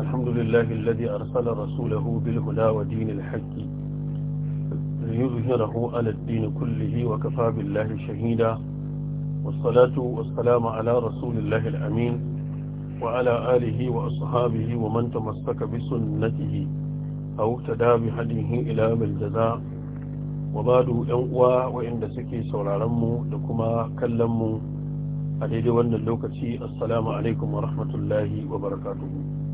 الحمد لله الذي أرسل رسوله بالهدى ودين الحق ليظهره على الدين كله وكفى بالله شهيدا والصلاة والسلام على رسول الله الأمين وعلى آله وأصحابه ومن تمسك بسنته أو اقتدى بهديه إلى بالجزاء وبعد أنقوى وإن سكي سورارمو لكما كلمو a daidai wannan lokaci assalamu alaikum wa rahmatullahi wa barakatuhu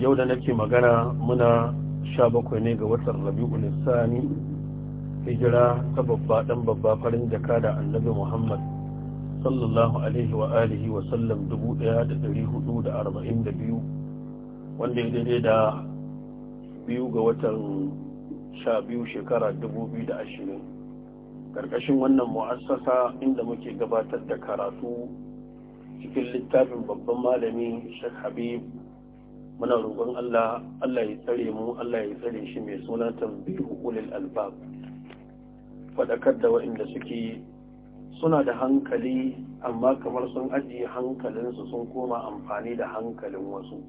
yau da nake magana muna sha bakwai ne ga watan rabi'ul sani hijira ta babba dan babba farin jaka da annabi muhammad sallallahu alaihi wa alihi wa sallam 1442 wanda ya daidai da biyu ga watan sha biyu shekara 2020 karkashin wannan mu'assasa inda muke gabatar da karatu cikin littafin babban malami shek habib muna roƙon Allah Allah ya tsare mu Allah ya tsare shi mai suna tambihu ulil albab faɗakar da waɗanda suke suna da hankali amma kamar sun ajiye hankalinsu sun koma amfani da hankalin wasu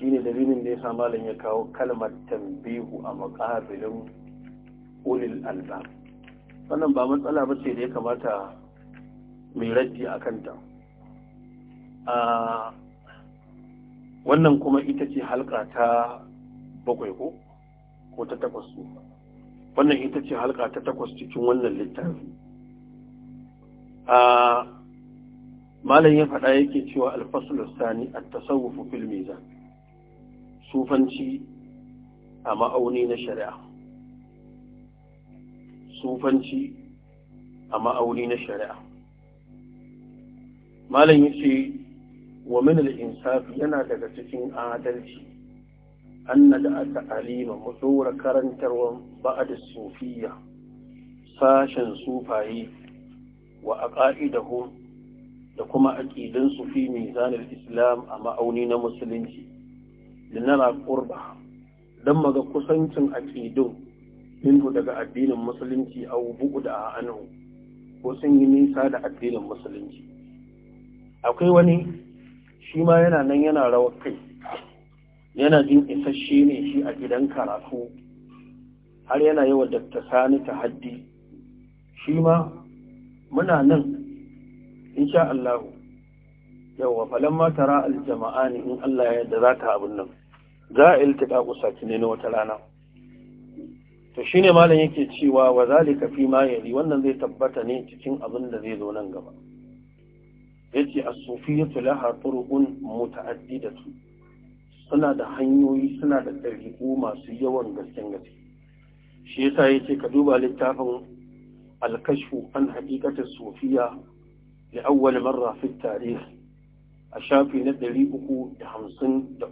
shine dalilin da yasa malam ya kawo kalmar tambihu a makabilin ulil albab wannan ba matsala ba ce da ya kamata mai raddi a kanta ah, wannan kuma ita ce halka ta bakwai ko ko ta takwas wannan ita ce halka ta takwas cikin wannan littafi a malam ya faɗa yake cewa alfasul sani a tasawufu fil mizan sufanci a ma'auni na shari'a sufanci a ma'auni na shari'a malam ya wa min al-insaf yana daga cikin adalci Annada da ta'alima mu dora karantarwa ba'ad sufiyya sashen sufaye wa a ƙa'idahu da kuma aqidin sufi mai mizanil islam a ma'auni na musulunci linara qurba dan maga kusancin aqidun minhu daga addinin musulunci a bugu da anhu ko sun yi nisa da addinin musulunci akwai wani shi ma yana nan yana rawar kai yana jin isasshe ne shi a gidan karatu har yana yi wa dakta sani ta haddi shi ma muna nan insha Allah yawa falon mata ra'al jama'a ne in Allah ya yadda za ta abin nan za a iltika kusaci ne na wata rana to ne malam yake cewa wa zalika fi ma yali wannan zai tabbata ne cikin abin da zai zo nan gaba yace as-sufiyatu laha turuqun muta'addidatu suna da hanyoyi suna da ɗariƙu masu yawan gaske gaske shi yasa yace ka duba littafin al-kashfu an haqiqati sufiya li awwal marra fi tarikh a shafi na 353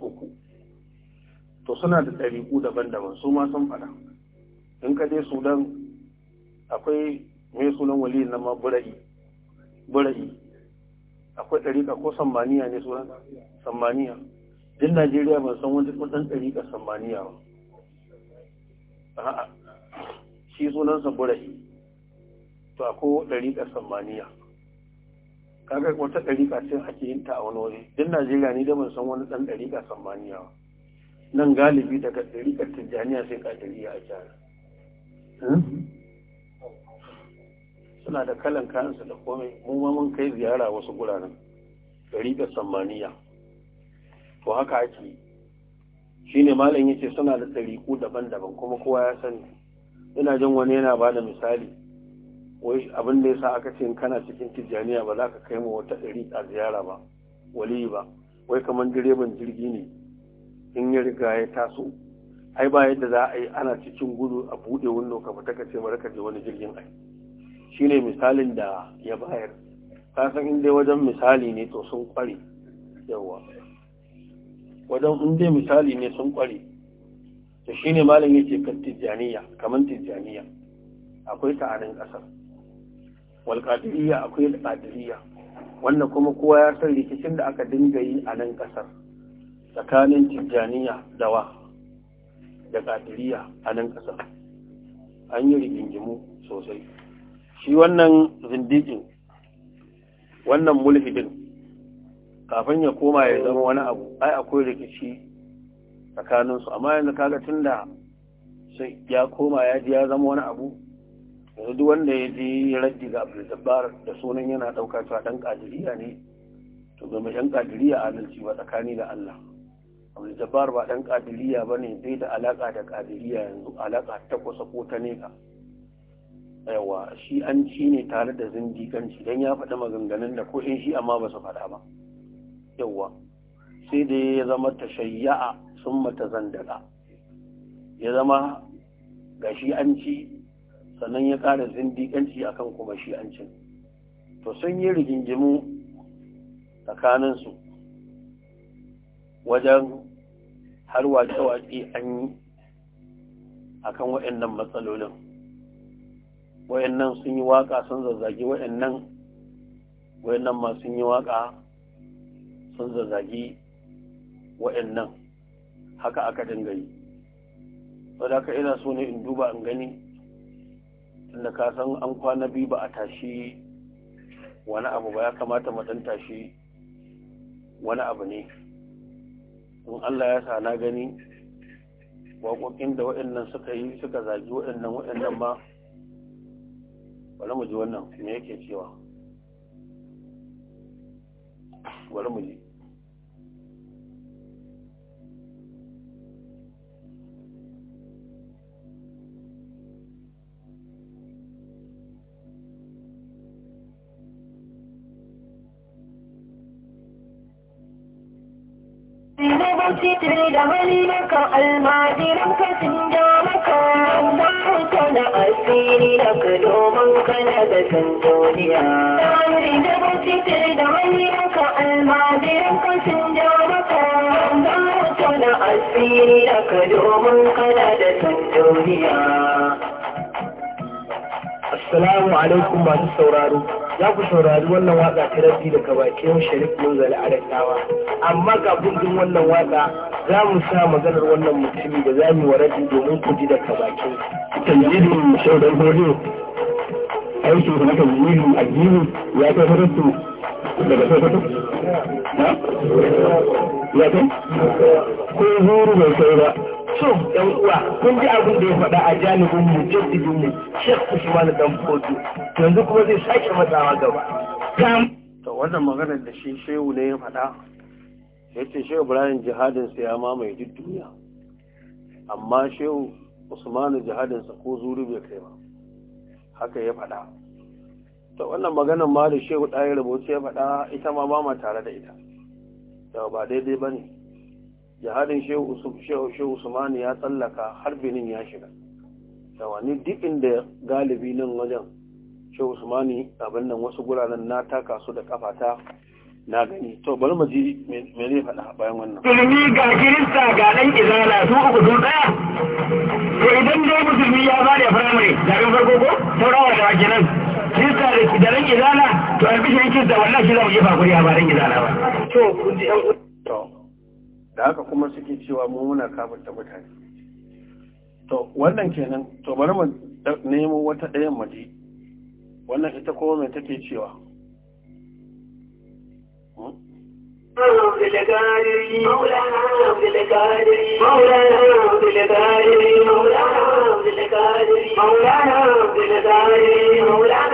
to suna da ɗariƙu daban-daban su ma sun faɗa in ka je sudan akwai mai sunan wali na ma bura'i bura'i akwai ɗariƙa ko sammaniya ne su sammaniya din najeriya ban san wani kudin ɗariƙa sammaniya ba shi sunan saburahi to akwai ɗariƙa sammaniya kaga wata ɗariƙa sai ake yin ta a wani waje din najeriya ne da ban san wani ɗan ɗariƙa sammaniya ba nan galibi daga ɗariƙar tijjaniya sai ƙadiriya a jihar suna da kalan kayansu da komai mu ma mun kai ziyara wasu guraren gari da samaniya to haka ake shine malam yace suna da tsariku daban-daban kuma kowa ya sani ina jin wani yana ba da misali wai abin da yasa aka ce kana cikin tijjaniya ba za ka kai mu wata a ziyara ba wali ba wai kamar direban jirgi ne in ya riga ya taso ai ba yadda za a yi ana cikin gudu a buɗe wando ka fita ka ce mara ka je wani jirgin ai ne misalin da ya bayar kasan inda wajen misali ne to sun kware yawa wajen inda misali ne sun kware da ne malam yake kan tijjaniya kamar tijjaniya akwai ta ƙasar walƙadiriya akwai qadiriyya wannan kuma kowa ya san rikicin da aka dinga yi a nan ƙasar, tsakanin tijjaniya da wa da ƙadiriya a nan ƙasar, an yi rigingimu sosai shi wannan zindiƙin wannan mulhidin kafin ya koma ya zama wani abu ai akwai rikici tsakaninsu amma yanzu kaga tun da ya koma ya ji ya zama wani abu yanzu duk wanda ya ji ya raddi ga abdulzabbar da sunan yana ɗauka cewa ɗan ƙadiriya ne to ga mai ɗan ƙadiriya adalci ba tsakani da Allah abdulzabbar ba dan ƙadiriya ba ne zai da alaka da ƙadiriya yanzu alaka ta kusa ko ta neka yawa shi an ci ne tare da zindiganci don ya faɗi maganganun da ko in shi amma ba su faɗa ba yawa sai da ya zama tashayya'a sun mata zandaka ya zama ga shi an ci sannan ya ƙara zindiganci akan kuma shi an cin to sun yi rigingimu tsakaninsu wajen har wace-wace an yi akan waɗannan matsalolin wayannan sun yi waka sun zazzagi wayannan wayannan ma sun yi waka sun zazzagi wayannan haka aka dinga yi saboda ka ina so ne in duba in gani tunda ka san an kwana biyu ba a tashi wani abu ba ya kamata mu dan tashi wani abu ne in Allah ya sa na gani waƙoƙin da waɗannan suka yi suka zagi waɗannan waɗannan ma bari mu ji wannan me yake cewa bari mu ji jikin da malinka almajiranka sun ja maka Allah kana asiri da ka domin kana da alaikum masu sauraro. za ku saurari wannan waka ta rabi da bakin sharif munzali a dattawa amma kafin jin wannan waka za mu sa maganar wannan mutumi da za mu wa domin ku ji daga bakin tanjirin shaudan horiyo aiki da naka jirin addini ya kai farasu daga sokoto ya kai ko zuru bai kai ba so yan uwa kun ji abin da ya faɗa a janibin mu jaddidin mu Sheikh Usman dan Fodu yanzu kuma zai sake matsawa gaba to wannan maganar da shi shehu ne ya faɗa ya ce shehu Ibrahim jihadin sa ya mamaye duk duniya amma shehu Usman jihadin sa ko zuri bai kai ba haka ya faɗa to wannan maganar ma da shehu ɗaya rubuce ya faɗa ita ma ba ma tare da ita yau ba daidai ba ne jihadin shehu usman ya tsallaka har benin ya shiga yawa ni duk inda galibi nan wajen shi usmani abin nan wasu guranan na taka su da kafata na gani to bari mu ji me zai faɗa bayan wannan musulmi ga kirista ga dan izala su uku sun tsaya to idan dai musulmi ya ba da firamare zaben farko ko rawa da nan kirista da dan izala to an bishin kirista wallahi shi za mu jefa kuri a bayan izala ba to kun ji to da haka kuma suke cewa mu muna kafin ta mutane to wannan kenan to bari mu nemo wata ɗayan maji wannan ita ko mai take cewa hmm? Maulana,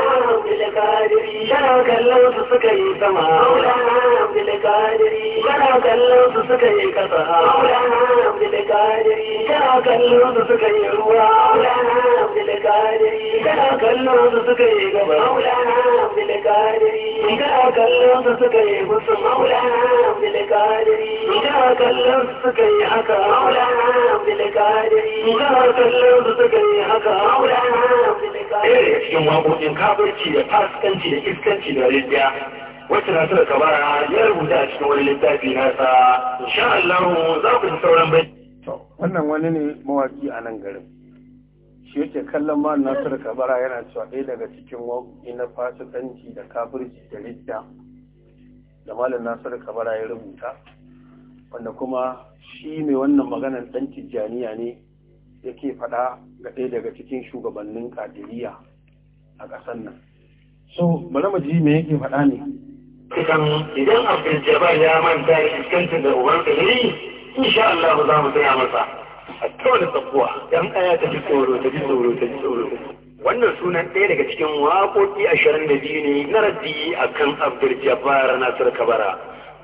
kallon su suka yi sama. abdul kadiri kallon su suka yi kallon su suka yi ruwa maulana abdul kallon su suka yi gaba maulana abdul kadiri kana kallon su suka yi kallon su suka yi haka kallon su suka yi haka cikin waƙoƙin kafirci da fasikanci da iskanci da rijiya wacce na suka kabara ya rubuta a cikin wani littafi nasa insha Allah za ku ji sauran bai wannan wani ne mawaki a nan garin shi yake kallon ma Nasiru Kabara yana cewa ɗaya daga cikin waƙoƙi na fasikanci da kafirci da ridda da Malam Nasiru Kabara ya rubuta wanda kuma shi mai wannan maganar ɗan tijjaniya ne yake faɗa ga ɗaya daga cikin shugabannin kadiriya a ƙasar nan. So, bari mu ji me yake faɗa ne. idan idan abdul jabbar ya manta da iskancin da ubansa yayi insha Allah za mu tsaya masa a kawai tsakuwa dan aya ta ji tsoro ta ji tsoro ta ji tsoro wannan sunan ɗaya daga cikin waƙoƙi ashirin da biyu ne na raddi a kan abdul jabbar nasir kabara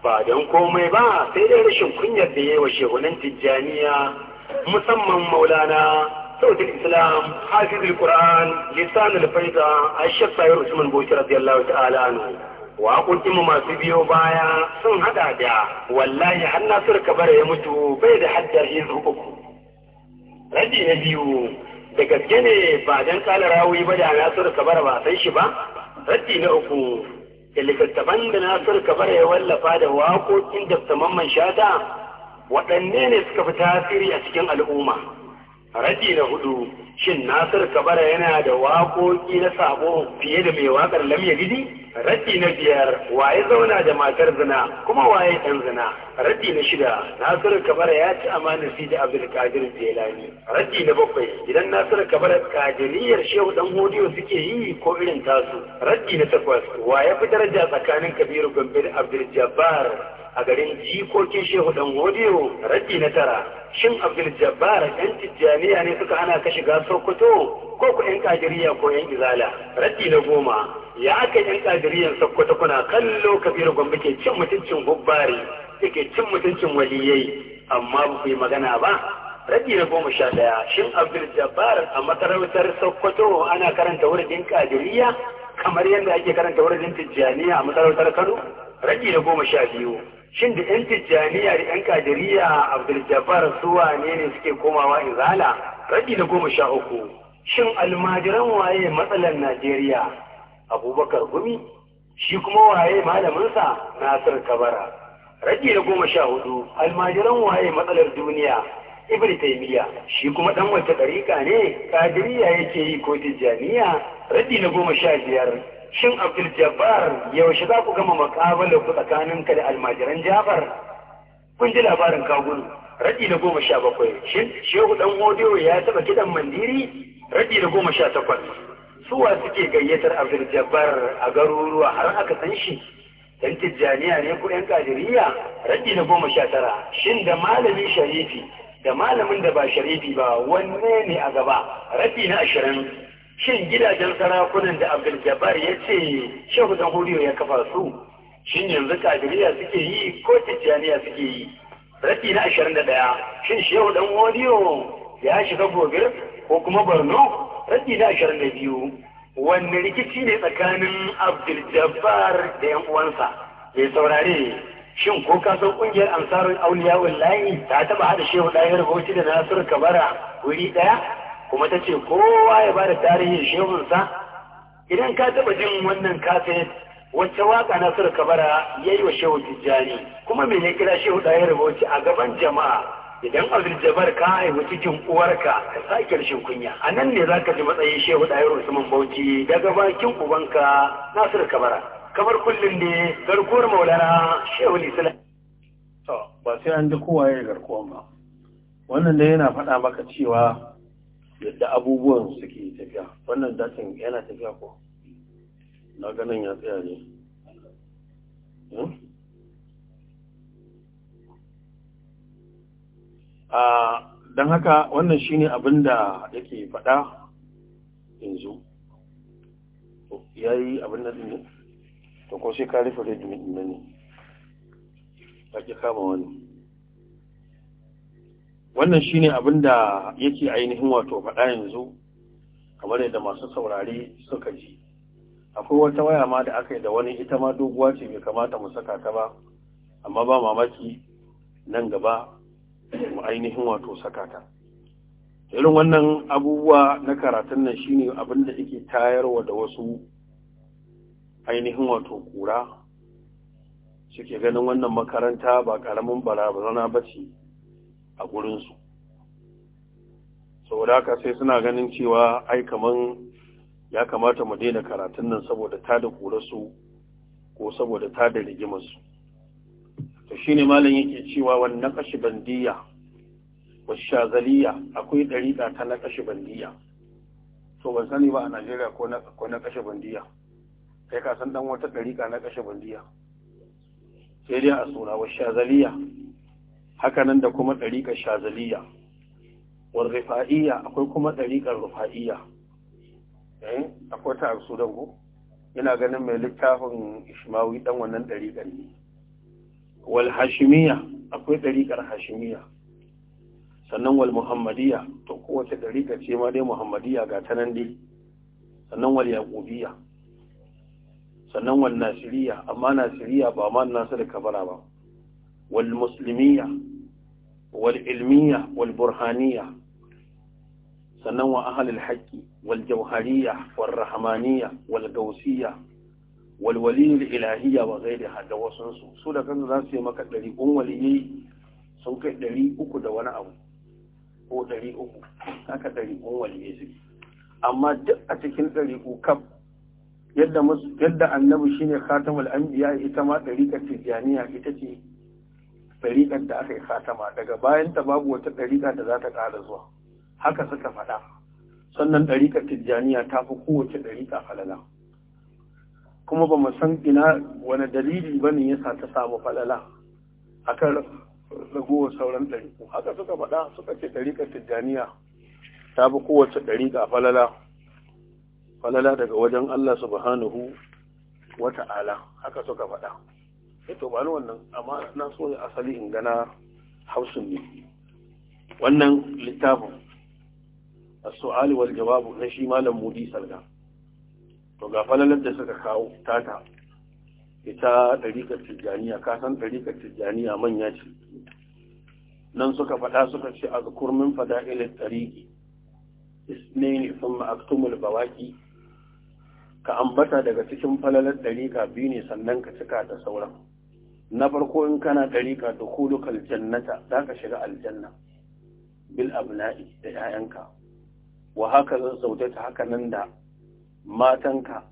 ba don komai ba sai dai rashin kunyar da yawa shehunan tijjaniya musamman maulana sautin islam hafizul qur'an lisanul faida aisha sayyid usman boki radiyallahu ta'ala anhu wa kuɗin masu biyo baya sun hada da wallahi har Nasiru Kabara ya mutu bai da haddar hizu uku. Rabi na biyu da gaske ne ba don kala rawi ba da Nasiru Kabara ba san shi ba. radi na uku da littattafan da Nasiru Kabara ya wallafa da waƙoƙin da Mamman Shata waɗanne ne suka fi tasiri a cikin al'umma. radi na hudu shin Nasiru Kabara yana da waƙoƙi na sabo fiye da mai waƙar Lamya Gidi? Raddi na biyar waye zauna da matar zina kuma waye ɗan zina. Raddi na shida Nasiru Kabara ya ci amanar Sidi Abdulkadir Jelani. Raddi na bakwai idan Nasiru Kabara kadiriyar Shehu Dan Hodiyo suke yi ko irin tasu. Raddi na takwas ya fi daraja tsakanin Kabiru Gombe da Abdul Jabbar a garin jikokin Shehu Dan Hodiyo. Raddi na tara shin Abdul Jabbar ɗan Tijjaniya ne suka hana ka shiga Sokoto ko ku ‘yan Kadiriya ko ‘yan Izala. Raddi na goma ya aka yan ƙadiriyan sakkwata kuna kallo kabiru gwamba ke cin mutuncin gubbari ke cin mutuncin waliyai amma ba ku yi magana ba rabi na goma sha ɗaya shin abdul jabbar a masarautar sokoto ana karanta wurin ƙadiriya kamar yadda ake karanta wurin tijjaniya a masarautar kano rabi na goma sha biyu shin da yan tijjaniya da yan ƙadiriya abdul jabbar su wane ne suke komawa izala rabi na goma sha uku shin almajiran waye matsalar najeriya abubakar gumi shi kuma waye malaminsa nasir kabara rage da goma sha hudu almajiran waye matsalar duniya ibn taymiya shi kuma dan wata dariƙa ne kadiriya yake yi ko tijjaniya raddi na goma sha biyar shin abdul jabbar yaushe za ku gama makabalar ku tsakaninka da almajiran jafar kun ji labarin kagulu raddi na goma sha bakwai shin shehu dan hodiyo ya taɓa kiɗan mandiri raddi na goma sha takwas suwa suke gayyatar abdul jabbar a garuruwa har aka san shi dan tijjaniya ne ko yan kadiriya rabi na goma sha tara shin da malamin sharifi da malamin da ba sharifi ba wanne ne a gaba rabi na ashirin shin gidajen sarakunan da abdul jabbar ya ce shehu dan huriyo ya kafa su shin yanzu kadiriya suke yi ko tijjaniya suke yi rabi na ashirin da ɗaya shin shehu dan huriyo ya shiga gobe? ko kuma borno raddi na ashirin da biyu wanne rikici ne tsakanin abdul da yan uwansa mai saurare shin ko ka san kungiyar ansarul auliya wallahi ta taba hada shehu dahir bauchi da nasiru kabara wuri daya kuma ta ce kowa ya bada tarihin shehunsa idan ka taba jin wannan kaset wacce waka nasiru kabara yayi wa shehu tijjani kuma me ne kira shehu dahir bauchi a gaban jama'a idan abin jabar ka haihu cikin uwarka ka sa rashin kunya a nan ne za ka ji matsayin shehu dairu usman bauchi daga bakin ubanka nasir kabara kamar kullum ne garkuwar maulana shehu islam to ba sai an ji kowa ya garkuwa ba wannan dai yana faɗa maka cewa yadda abubuwan suke tafiya wannan datin yana tafiya ko na ganin ya tsaya ne hmm? don haka wannan shine abin da yake faɗa yanzu ya yi abin da ne to ko sai ka rufe rediyo ina ne ba ke kama wani wannan shine abin da yake ainihin wato faɗa yanzu kamar yadda masu saurare suka ji akwai wata waya ma da aka yi da wani ita ma doguwa ce bai kamata mu saka ta ba amma ba mamaki nan gaba mu ainihin wato sakata irin wannan abubuwa na karatun nan shine abin da yake tayarwa da wasu ainihin wato kura suke ganin wannan makaranta ba karamin barazana ba ce a gurinsu saboda haka sai suna ganin cewa ai kaman ya kamata mu daina karatun nan saboda ta da su ko saboda ta da rigimarsu shine malam yake cewa wan naqash bandiya wa shazaliya akwai dariqa ta naqash bandiya to ban sani ba a Najeriya ko na ko kashe bandiya kai ka san dan wata dariqa na kashe bandiya sai dai a sura wa shazaliya haka nan da kuma dariqa shazaliya wa rufa'iya akwai kuma dariqar rufa'iya. eh akwai ta a su ko ina ganin mai littafin Ishmawi dan wannan dariqan ne wal akwai ɗariƙar hashimiya sannan wal muhammadiya to kowace ɗariƙa ce ma dai muhammadiya ga ta nan dai sannan wal sannan walNasiriya nasiriya amma nasiriya ba ma nasu da kabara ba Walmusulmiya wal ilmiya wal burhaniya sannan wa ahlul haƙƙi wal walrahamaniya wal rahmaniya wal walwaliyul ilahiyya ba zai da wasansu su da kansu za su yi maka ɗari un waliyi sun kai ɗari uku da wani abu ko ɗari uku haka ɗari un waliyi su amma duk a cikin ɗari uku kaf yadda yadda annabi shine khatamul anbiya ita ma ɗariƙar tijaniya ita ce ɗariƙar da aka yi khatama daga bayan ta babu wata ɗariƙa da za ta ƙara zuwa haka suka faɗa sannan ɗariƙar tijjaniya ta fi kowace ɗariƙa falala kuma ba mu san ina wani dalili ba ne yasa ta samu falala a kan ragowar sauran ɗariƙu haka suka faɗa suka ce ɗariƙar tijjaniya ta fi kowace ɗariƙa falala falala daga wajen Allah subhanahu wa ta'ala haka suka faɗa eh to ba ni wannan amma na so ne asali in gana hausun ne wannan littafin as-su'ali wal jawabu na shi malam mudi salga to ga falalar da suka kawo tata ita ɗariƙar tijjaniya kasan ɗariƙar tijjaniya manya ce nan suka faɗa suka ce a zukurmin fada'ilin isne ne sun ma'aktumul bawaki ka ambata daga cikin falalar ɗariƙa biyu ne sannan ka cika da sauran na farko in kana ɗariƙa da kulukal jannata za ka shiga aljanna bil abna'i da 'ya'yanka wa haka zan sautata haka nan da matanka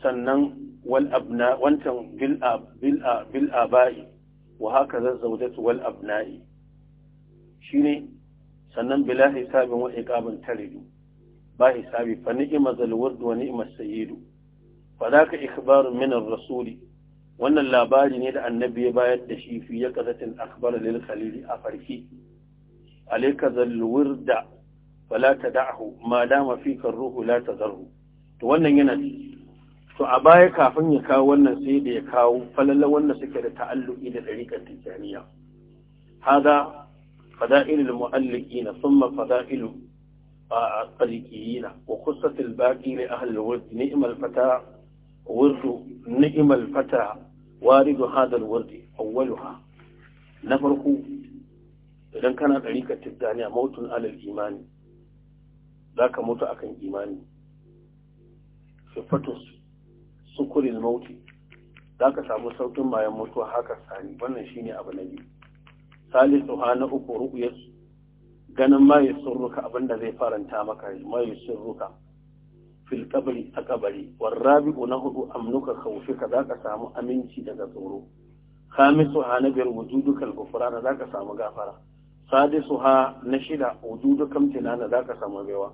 sannan wal abna wancan bil wa haka zazzaujatu wal abna'i shine sannan bila hisabin wa iqabin taridu ba hisabi fa ni'ma zal wurd wa ni'ma sayyidu fa zaka ikhbarun min ar-rasul wannan labari ne da annabi ya bayar da shi fi yaqadatin akhbar lil khalil a farki alayka zal wurda wala تدعه ما دام فيك الروح لا تذره to wannan yana to a baya kafin ya kawo wannan sai da ya kawo falalla wannan suke da ta'alluqi da dariqar tijaniya hada fada'il al thumma fada'il al-tariqiyyin wa qussat al-baqi li ahli al-wurd ni'ma al-fata wurd ni'ma al-fata warid hada al-wurd awwaluha na farko idan kana dariqar tijaniya mautun alal imani za ka mutu a kan imani sifatus sukurin mauti za ka samu sautin bayan mutuwa haka sani wannan shi ne abu na biyu salisu ha na uku su. ganin ma surruka abinda zai faranta maka ma sun surruka fil kabari a kabari warrabi'u na hudu amnuka ka za ka samu aminci daga tsoro khamisu ha na biyar wujudukal gufrana za ka samu gafara Sadisu ha na shida wududu kamtina na zaka samu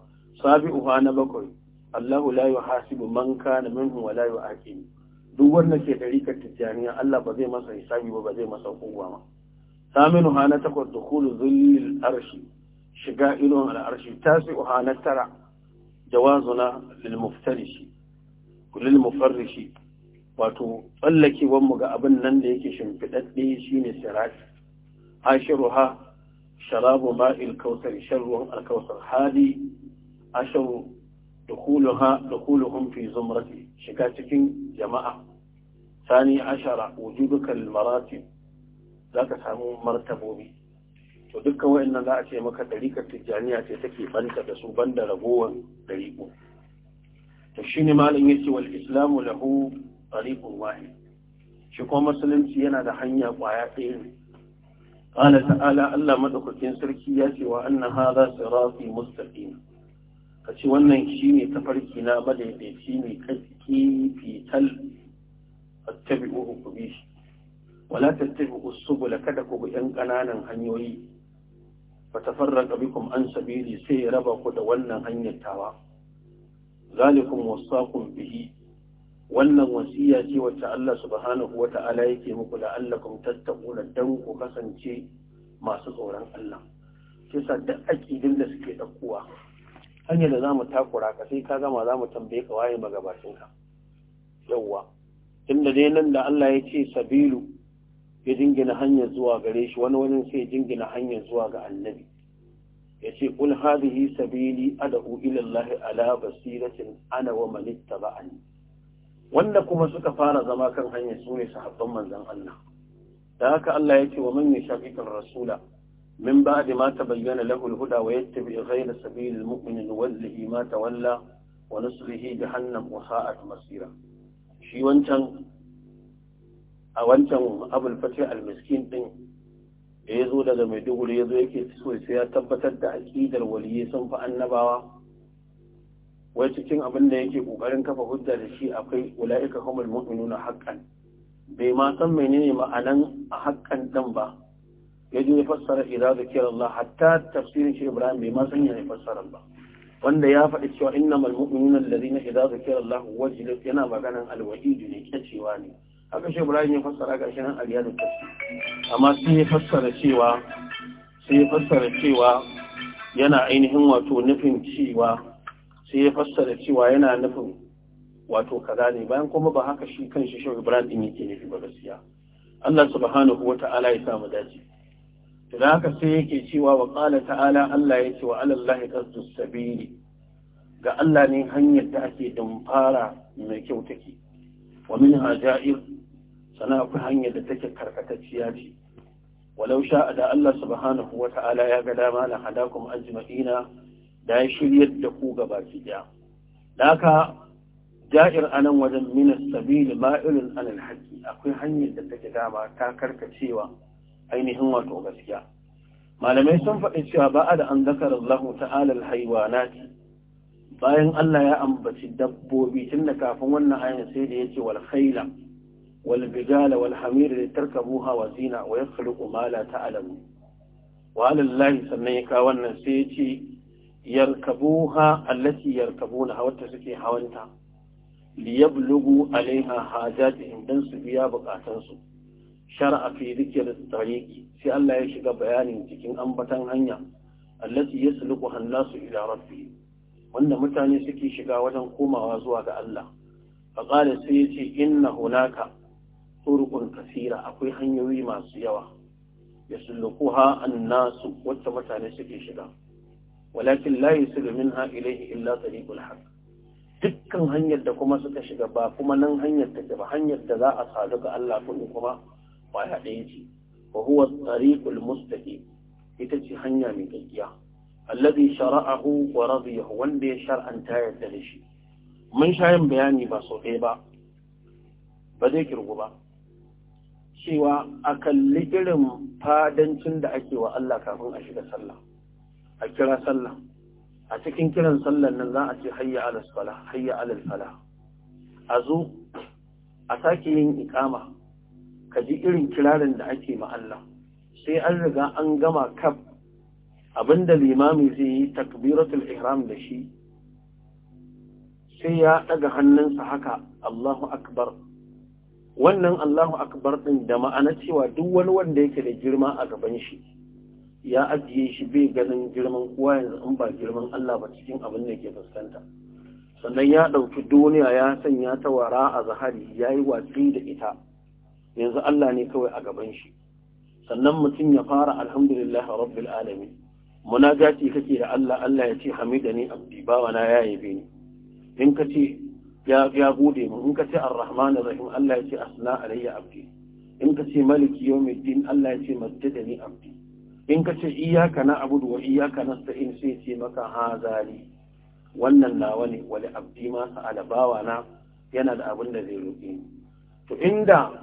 sabi uha na bakwai Allahu la yuhasibu man kana minhu wa la yu'aqibu duk wanda ke ka tijaniya Allah ba zai masa hisabi ba ba zai masa hukuma Saminu ha na takwas dukhulu zillil arshi shiga ilon al'arshi uha na tara jawazuna lil muftarishi kullil mufarrishi wato tsallakewar mu ga abin nan da yake shimfidadde shine Ashiru ashiruha sharabu ma'il kautar sharruwan alkautar hadi ashar دخولهم في زمرتي شكاتك جماعة ثاني عشر وجودك المراتب ذاك سامو مرتبوبي to dukkan wa'annan za a ce maka ɗarikar tijjaniya ce take banta da su banda ragowar ɗariƙo to shi ne ya ce wal islamu lahu ɗariƙun wahid shi kuma musulunci yana da hanya ƙwaya ɗaya قال تعالى ألا مدخل سركي ياتي وأن هذا صراطي مستقيم kace wannan shine tafarki na madaidaici ne kaski fital attabi'u ku bi shi wala tattabi'u subul kada ku bi yan ƙananan hanyoyi Bata tafarraqa bikum an sabili sai ya raba ku da wannan hanyar tawa zalikum wasaqum bihi wannan wasiya ce wacce Allah subhanahu wa ta'ala yake muku la'allakum tattaquna dan ku kasance masu tsoron Allah sai sa duk aqidin da suke dakuwa Hanya da zamu takura ka sai ka gama zamu tambaye ka waye magabacin ka yawa inda dai nan da Allah ya ce sabilu ya jingina hanyar zuwa gare shi wani wani sai ya jingina hanyar zuwa ga annabi ya ce kul hadhihi sabili ad'u ila Allah ala basiratin ana wa manittaba'ani wanda kuma suka fara zama kan hanya su ne sahabban Allah da haka Allah yake wa man yashaqiqir rasula min ba'di ma tabayyana lahu al-huda wa yattabi ghayra sabilil mu'minin wallahi ma tawalla wa nuslihi jahannam wa sa'at masira shi wancan a wancan abul fatih al-miskin din da yazo daga Maiduguri yazo yake so sai ya tabbatar da aqidar waliyyi sun fa annabawa wai cikin abin da yake kokarin kafa hujja da shi akwai ula'ika humul mu'minuna haqqan bai ma san menene ma'anan a haqqan dan ba yaje ya fassara idza zikira Allah hatta tafsirin shi Ibrahim bai ma san ya fassara ba wanda ya faɗi cewa innamal mu'minuna alladhina idza zikira Allah wajilat yana maganan alwa'id ne kacewa ne haka shi Ibrahim ya fassara ga shi nan aliyadu tafsir amma sai ya fassara cewa sai ya fassara cewa yana ainihin wato nufin cewa sai ya fassara cewa yana nufin wato kaza ne bayan kuma ba haka shi kanshi shi Ibrahim din yake nufi ba gaskiya Allah subhanahu wata'ala ya sa mu dace to da haka sai yake cewa wa qala ta'ala Allah ya wa alallahi qasdus sabili ga Allah ne hanyar da ake dumfara mai kyau take wa min hajair sana akwai hanyar da take karkatacciya ce walau a da Allah subhanahu wata'ala ya ga dama la hadakum ajma'ina da ya shiryar da ku ga baki daya laka ja'ir anan wajen min as-sabil ma'ilun an akwai hanyar da take dama ta karkacewa ainihin wato gaskiya malamai sun faɗi cewa ba da an zakara Allah ta'ala al bayan Allah ya ambaci dabbobi tun da kafin wannan ayan sai da yake wal khayla wal bijala wal hamir tarka tarkabuha wa zina wa yakhluqu ma la ta'lamu wa alallahi sannan ya kawo wannan sai yace yarkabuha allati yarkabuna wacce suke hawanta liyablugu alaiha hajatihim dan su biya bukatansu shar'a fi dhikr tariqi sai Allah ya shiga bayanin cikin ambatan hanya allati yasluku hannasu ila rabbi wanda mutane suke shiga wajen komawa zuwa ga Allah faqala sai yace inna hunaka turuqun kasira akwai hanyoyi masu yawa yaslukuha annasu wacce mutane suke shiga walakin la yusilu minha ilayhi illa tariqul haqq dukkan hanyar da kuma suka shiga ba kuma nan hanyar take ba hanyar da za a sadu ga Allah kun kuma kwaya ɗaya ce wa huwa tariqul mustaqim ita ce hanya mai gaskiya alladhi shara'ahu wa radiyahu wanda ya shar'anta yarda da shi mun shayin bayani ba sau ɗaya ba ba zai kirgu ba cewa a kalli irin fadancin da ake wa Allah kafin a shiga sallah a kira sallah a cikin kiran sallar nan za a ce hayya alal fala hayya a zo a sake yin ikama ka ji irin kirarin da ake ma Allah sai an riga an gama kaf abinda limami zai yi takbiratul ihram da shi sai ya daga hannunsa haka Allahu akbar wannan Allahu akbar din da ma'ana cewa duk wani wanda yake da girma a gaban shi ya ajiye shi bai ganin girman kowa yanzu in ba girman Allah ba cikin abin da ke fuskanta sannan ya ɗauki duniya ya sanya ta wara a zahari ya yi watsi da ita yanzu Allah ne kawai a gaban shi sannan mutum ya fara alhamdulillah rabbil alamin munajati kake da Allah Allah ya ce ni abdi bawana ya yabe ni in ka ce ya ya gode mu in ka ce arrahman rahim Allah ya ce asna alayya abdi in ka ce maliki yawmiddin Allah ya ce majjadani abdi in ka ce iyaka na abu wa iyaka na sa'in sai ce maka hazali wannan nawa ne wani abdi ma sa'ala bawa na yana da abin da zai roƙe to inda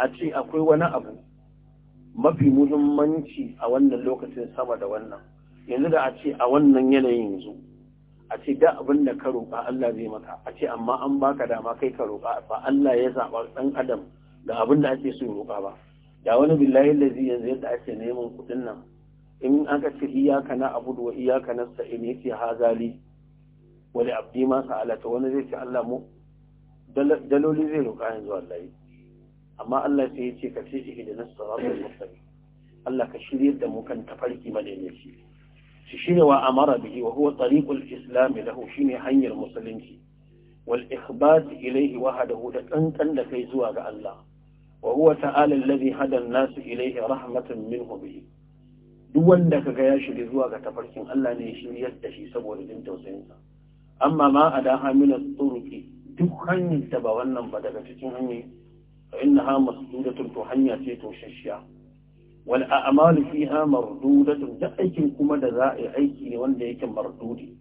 a ce akwai wani abu mafi muhimmanci a wannan lokacin sama da wannan yanzu da a ce a wannan yanayin yanzu a ce da abin da ka roƙa Allah zai maka a ce amma an baka dama kai ka roƙa ba Allah ya zaɓa ɗan adam da abin da ake so roƙa ba da wani billahi lazi yanzu yadda ake neman kuɗin nan in aka ce iyaka na abudu wa iyaka na sa'in yake hazali wani abdi ma ta wani zai ce Allah mu daloli zai roƙa yanzu wallahi amma Allah sai ya ce ka ce shi da nasu sarrafin musulmi Allah ka shirya da mu kan tafarki madaidaici shi shine wa amara bihi wa huwa tariqul islam lahu shine hanyar musulunci wal ikhbat ilayhi wahdahu da kankan da kai zuwa ga Allah wa huwa ta'ala alladhi hada nasu ilayhi rahmatan minhu bihi duk wanda kaga ya shirye zuwa ga tafarkin Allah ne ya shiryar da shi saboda jin tausayinsa amma ma da hamina turuki duk hanyar da ba wannan ba daga cikin hanyar fa innaha masdudatun to hanya ce toshashiya wal a'malu fiha mardudatun da aikin kuma da za a yi aiki ne wanda yake mardudi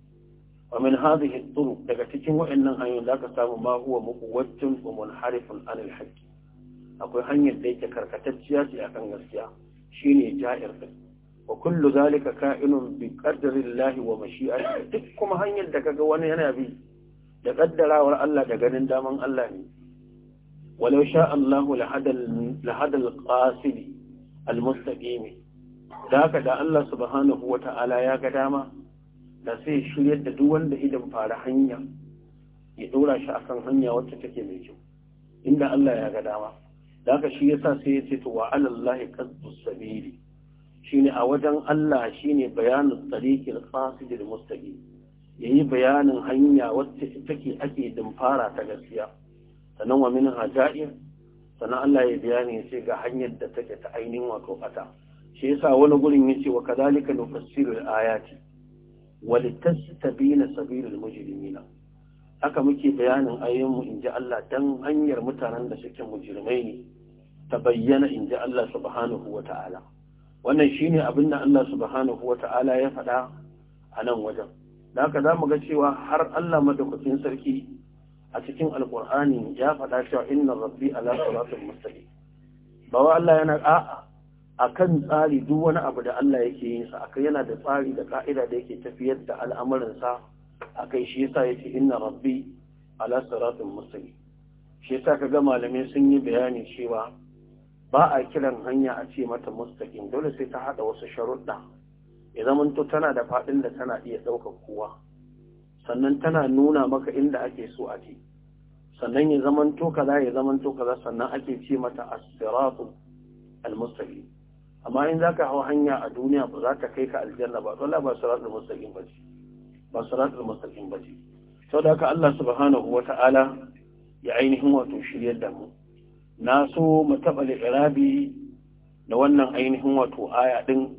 wa min hadhihi turuq daga cikin wa'annan hanyoyin zaka samu ma huwa muqawwatun wa munharifun anil haqqi akwai hanyar da yake karkatacciya ce akan gaskiya shine ja'ir din wa kullu zalika ka'inun bi qadarillahi wa mashi'ati duk kuma hanyar da kaga wani yana bi da kaddarawar Allah da ganin daman Allah ne walau sha Allahu la hadal qasidi al da haka da Allah subhanahu wata'ala ya ga dama da sai shiryar da duk wanda idan fara hanya ya dora shi akan hanya wacce take mai kyau inda Allah ya ga dama da shi yasa sai ya ce to wa alallahi qasdus sabili shine a wajen Allah shine bayanin tariqil qasidil mustaqim yayi bayanin hanya wacce take ake fara ta gaskiya sanan wa min haja'ir sanan Allah ya bayani sai ga hanyar da take ta ainihin wato fata shi yasa wani gurin yace wa kadhalika nufassiru ayati wa litastabina sabilul mujrimina haka muke bayanin ayoyin mu inji Allah dan hanyar mutanen da suke mujrimai ne ta bayyana in ji Allah subhanahu wa ta'ala wannan shi ne abin da Allah subhanahu wa ta'ala ya faɗa a nan wajen da haka za mu ga cewa har Allah madaukakin sarki a cikin alƙur'ani ya faɗa cewa inna rabbi ala salatul mustaqim ba wa Allah yana A kan tsari duk wani abu da Allah yake yin sa akai yana da tsari da ka'ida da yake tafiyar da al'amarin sa akai shi yasa yake inna rabbi ala salatul mustaqim shi yasa kaga malamai sun yi bayani cewa ba a kiran hanya a ce mata mustaƙin dole sai ta haɗa wasu sharuɗa ya zamanto tana da faɗin da tana iya ɗaukar kowa sannan tana nuna maka inda ake so a je sannan ya zamanto kaza ya zamanto kaza sannan ake ce mata as-siratu al-mustaqim amma in zaka hawa hanya a duniya ba za ta kai ka aljanna ba wallahi ba siratul mustaqim ba ce ba siratul mustaqim ba ce saboda haka Allah subhanahu wata'ala ya ainihin wato shiryar da mu na so mu taɓa liƙirabi da wannan ainihin wato aya ɗin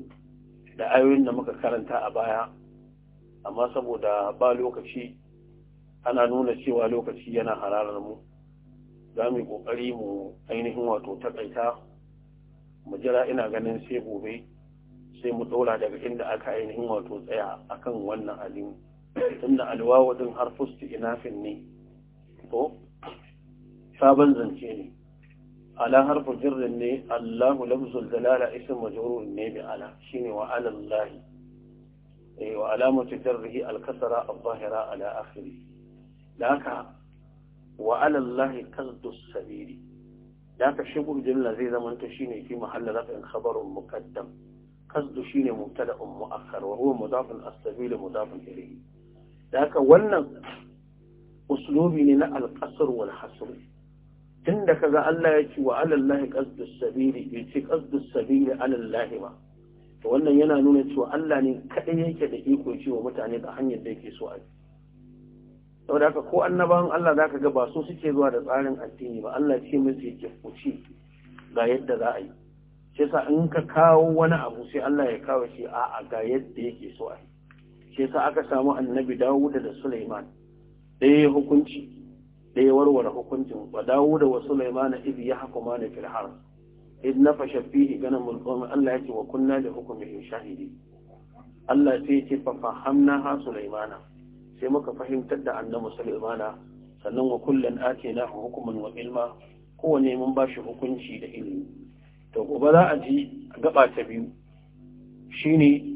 da ayoyin da muka karanta a baya amma saboda ba lokaci ana nuna cewa lokaci yana hararar mu za mu yi ƙoƙari mu ainihin wato taƙaita mu jira ina ganin sai gobe sai mu ɗora daga inda aka ainihin wato tsaya akan wannan alimu tunda alwawa ɗin fustu ina fin ne to sabon zance ne على حرف جر ني الله لفظ الدلاله اسم مجرور ني بعلى شيني وعلى الله اي وعلامه جره الكسره الظاهره على اخره ذاك وعلى الله قصد السبيل ذاك شبه جملة زي زمان تشيني في محل رفع خبر مقدم قصد شيني مبتدا مؤخر وهو مضاف السبيل مضاف اليه ذاك ولن اسلوبي لنا القصر والحصر tunda da kaga Allah ya ce wa alallahi qasdus sabili ya ce qasdus sabili alallahi ba to wannan yana nuna cewa Allah ne kadai yake da iko cewa mutane da hanyar da yake so a yi. saboda haka ko annabawan Allah zaka ga ba su suke zuwa da tsarin addini ba Allah ce musu yake kuci ga yadda za a yi sai sa in ka kawo wani abu sai Allah ya kawo shi a ga yadda yake so a yi sai sa aka samu annabi Dawud da Sulaiman ɗaya hukunci ɗaya warware hukuncin wa dawo da wasu laimana ibi ya haka ma firhar filhar id na fashe fihi ganin mulkomi Allah ya ce wa kunna da hukumin shahidi Allah sai ya ce fa fahamna ha sulaimana sai muka fahimtar da annabi sulaimana sannan wa ake na hukumin wa ilma kowane mun ba shi hukunci da ilimi to gobe za a ji gaba ta biyu shine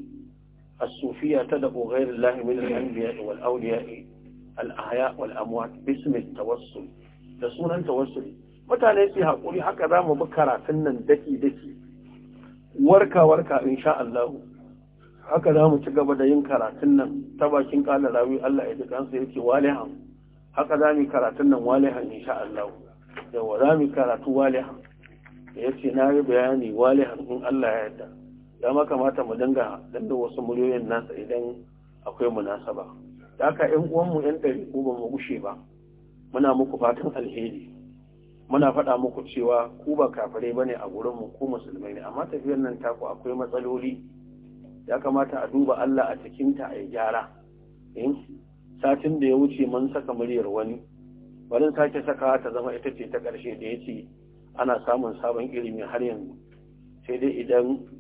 as-sufiya ta da ghairullahi min al-anbiya wal awliya al'ahya wal amwat bismi tawassul da sunan tawassuli mutane su haƙuri haka za mu bi karatun nan daki daki warka warka insha Allah haka za mu ci gaba da yin karatun nan ta bakin kala Allah ya dukan sa yake walihan haka za mu karatun nan walihan insha Allah yawa za mu karatu walihan ce na yi bayani walihan in Allah ya yarda ya ma kamata mu dinga danda wasu muryoyin nasa idan akwai munasaba da haka ‘yan uwanmu ‘yan ɗari ko ba mu gushe ba muna muku fatan alheri muna faɗa muku cewa ku ba kafare ba ne a mu ko musulmai ne amma tafiyar nan ta ku akwai matsaloli ya kamata a duba Allah a cikinta a yi gyara eh, satin da ya wuce mun saka muryar wani bari sake saka ta zama ita ce ta ƙarshe da ya ce ana samun sabon ilimi har yanzu sai dai idan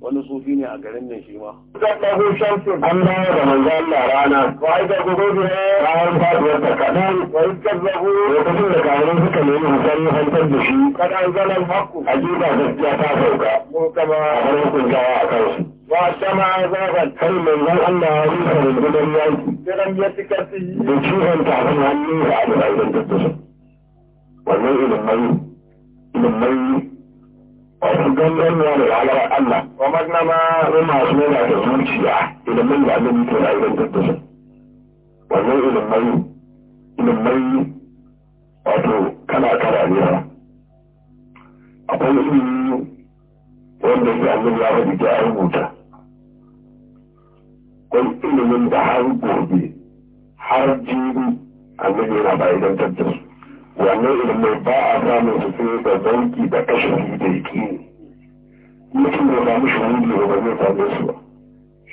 wani sufi ne a garin nan shi ma. An bayar da manzo Allah rana, wa aika gudu ne ranar faduwar ta kaɗan, wa yi kazzabu lokacin da kayan suka nemi husari hantar da shi. Kada an zama haku. A jiba gaskiya ta sauka. Mu kama a wani kunjawa a kansu. Wa sama zaban. Kai manzo Allah ya rusa rundunar yaki. Kiran ya fi kasi. Da ciwon tafin hannu ga al'adun da su. Wannan ilimai, ilimai don ganuwa da ranar Allah, kamar na ma su da zuciya ilimin da abin ke na tattasin. Wannan wato kana kara ne Akwai ilimi wanda ya zama ya faɗi rubuta. ilimin da har gobe, har jibi, annabi yana bayan tattasin. wannan ilimin ba a samun su sai da zauki da kashin da yake mutum da ba mishi da ba zai same su ba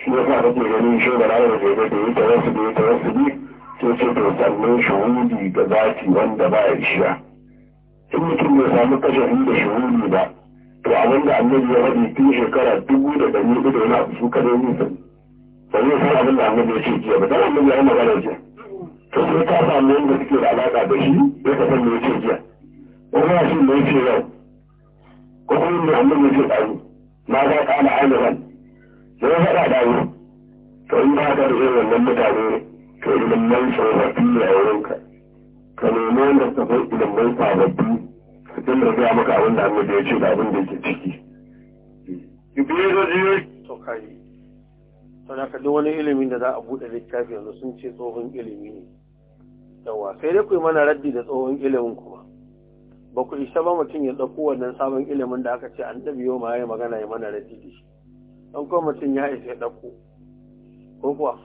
shi ya sa kake ganin shi da rayuwar da ya da ya tarasu da ya wasu ne sai ce to sannan shuhudi da zaki wanda ba ya shiya in mutum ya samu kashin da shuhudi ba to abin da annabi ya faɗi tun shekara dubu da ɗari uku da wani abu su kadai nisan ba zai san abin da annabi ya ce jiya ba dan annabi ya yi magana jiya sai ka samu yadda suke da alaƙa da shi ya ka san mai ce jiya ko kuma shi mai ce yau ko kuma mai hannun mai ce ɗaru na za ka ala aliran ya ya faɗa ɗaru to in ba ka da irin wannan mutane to ilimin tsofaffi ne a wurinka ka nemi wanda ka san ilimin sababbi su tun da gaya maka abin da annabi ya ce da abin da yake ciki. Biyar da jiyoyi. To kai. Saboda duk wani ilimin da za a buɗe littafi yanzu sun ce tsohon ilimi ne. yawa sai dai ku yi mana raddi da tsohon ilimin kuma ba ku isa ba mutum ya ɗauko wannan sabon ilimin da aka ce an ɗabi yau ma ya magana ya mana raddi da shi an kuma mutum ya isa ya ɗauko ko kuwa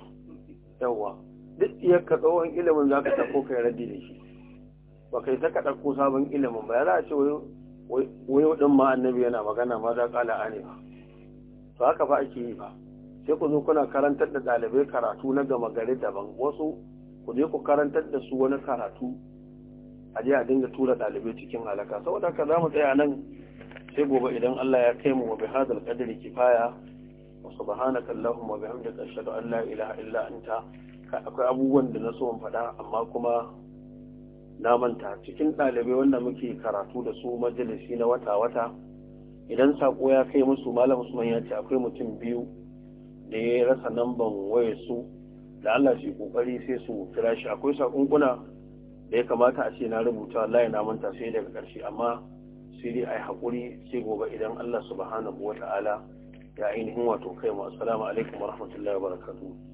yawa duk iya ka tsohon ilimin za ka ɗauko yi raddi da shi ba kai ta ka ɗauko sabon ilimin ba ya za a ce wai ɗin ma annabi yana magana ma za ƙala ane ba to haka ba ake yi ba sai ku zo kuna karantar da ɗalibai karatu na gama gari daban wasu ku je ku karantar da su wani karatu a je a dinga tura ɗalibai cikin halaka saboda haka za mu tsaya nan sai gobe idan Allah ya kai mu wa bi hadal qadri kifaya wa subhanaka allahumma wa bihamdika ashhadu an la ilaha illa anta akwai abubuwan da na so in faɗa amma kuma na manta cikin ɗalibai wanda muke karatu da su majalisi na wata-wata idan sako ya kai musu malam usman ya ce akwai mutum biyu da ya rasa lambar wayar su da Allah shi kokari sai su kira shi akwai sakunkuna da ya kamata a ce na rubuta wallahi na manta sai daga ƙarshe amma sai dai yi hakuri sai gobe idan Allah subhanahu wata'ala ya ainihin wato kai mu assalamu alaikum wa rahmatullahi wa